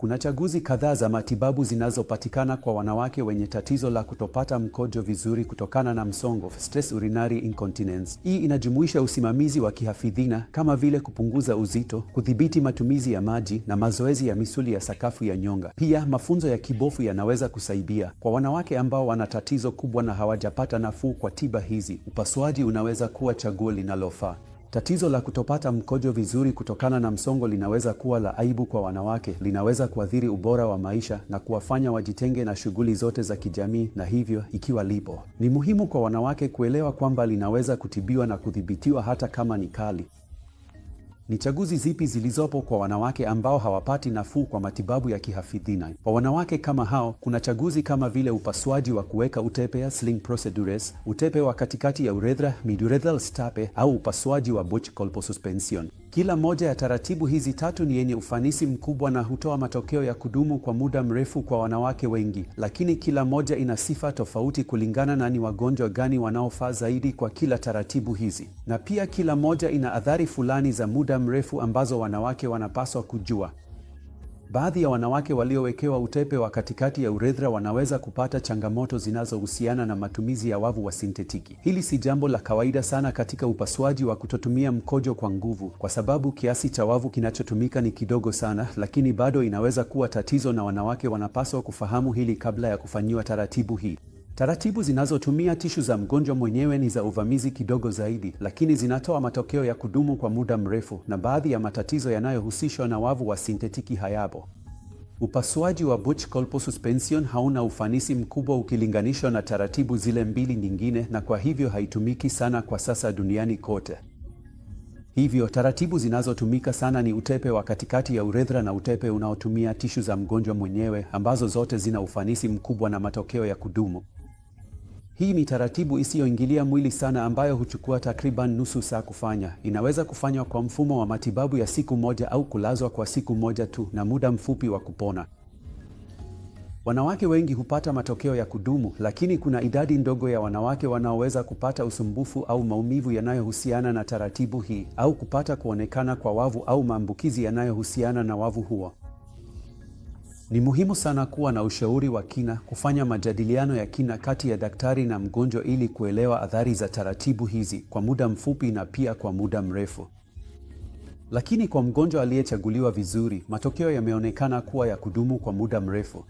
Kuna chaguzi kadhaa za matibabu zinazopatikana kwa wanawake wenye tatizo la kutopata mkojo vizuri kutokana na msongo, stress urinary incontinence. Hii inajumuisha usimamizi wa kihafidhina kama vile kupunguza uzito, kudhibiti matumizi ya maji na mazoezi ya misuli ya sakafu ya nyonga. Pia mafunzo ya kibofu yanaweza kusaidia kwa wanawake ambao wana tatizo kubwa na hawajapata nafuu kwa tiba hizi. Upasuaji unaweza kuwa chaguo linalofaa. Tatizo la kutopata mkojo vizuri kutokana na msongo linaweza kuwa la aibu kwa wanawake, linaweza kuathiri ubora wa maisha na kuwafanya wajitenge na shughuli zote za kijamii, na hivyo ikiwa lipo, ni muhimu kwa wanawake kuelewa kwamba linaweza kutibiwa na kudhibitiwa hata kama ni kali. Ni chaguzi zipi zilizopo kwa wanawake ambao hawapati nafuu kwa matibabu ya kihafidhina? Kwa wanawake kama hao, kuna chaguzi kama vile upasuaji wa kuweka utepe ya sling procedures, utepe wa katikati ya urethra, midurethral stape, au upasuaji wa Butch suspension. Kila moja ya taratibu hizi tatu ni yenye ufanisi mkubwa na hutoa matokeo ya kudumu kwa muda mrefu kwa wanawake wengi, lakini kila moja ina sifa tofauti kulingana na ni wagonjwa gani wanaofaa zaidi kwa kila taratibu hizi, na pia kila moja ina athari fulani za muda mrefu ambazo wanawake wanapaswa kujua. Baadhi ya wanawake waliowekewa utepe wa katikati ya urethra wanaweza kupata changamoto zinazohusiana na matumizi ya wavu wa sintetiki. Hili si jambo la kawaida sana katika upasuaji wa kutotumia mkojo kwa nguvu, kwa sababu kiasi cha wavu kinachotumika ni kidogo sana, lakini bado inaweza kuwa tatizo, na wanawake wanapaswa kufahamu hili kabla ya kufanyiwa taratibu hii. Taratibu zinazotumia tishu za mgonjwa mwenyewe ni za uvamizi kidogo zaidi, lakini zinatoa matokeo ya kudumu kwa muda mrefu, na baadhi ya matatizo yanayohusishwa na wavu wa sintetiki hayapo. Upasuaji wa Butch Colpo Suspension hauna ufanisi mkubwa ukilinganishwa na taratibu zile mbili nyingine, na kwa hivyo haitumiki sana kwa sasa duniani kote. Hivyo taratibu zinazotumika sana ni utepe wa katikati ya urethra na utepe unaotumia tishu za mgonjwa mwenyewe, ambazo zote zina ufanisi mkubwa na matokeo ya kudumu. Hii ni taratibu isiyoingilia mwili sana ambayo huchukua takriban nusu saa kufanya. Inaweza kufanywa kwa mfumo wa matibabu ya siku moja au kulazwa kwa siku moja tu na muda mfupi wa kupona. Wanawake wengi hupata matokeo ya kudumu, lakini kuna idadi ndogo ya wanawake wanaoweza kupata usumbufu au maumivu yanayohusiana na taratibu hii au kupata kuonekana kwa wavu au maambukizi yanayohusiana na wavu huo. Ni muhimu sana kuwa na ushauri wa kina, kufanya majadiliano ya kina kati ya daktari na mgonjwa ili kuelewa athari za taratibu hizi kwa muda mfupi na pia kwa muda mrefu. Lakini kwa mgonjwa aliyechaguliwa vizuri, matokeo yameonekana kuwa ya kudumu kwa muda mrefu.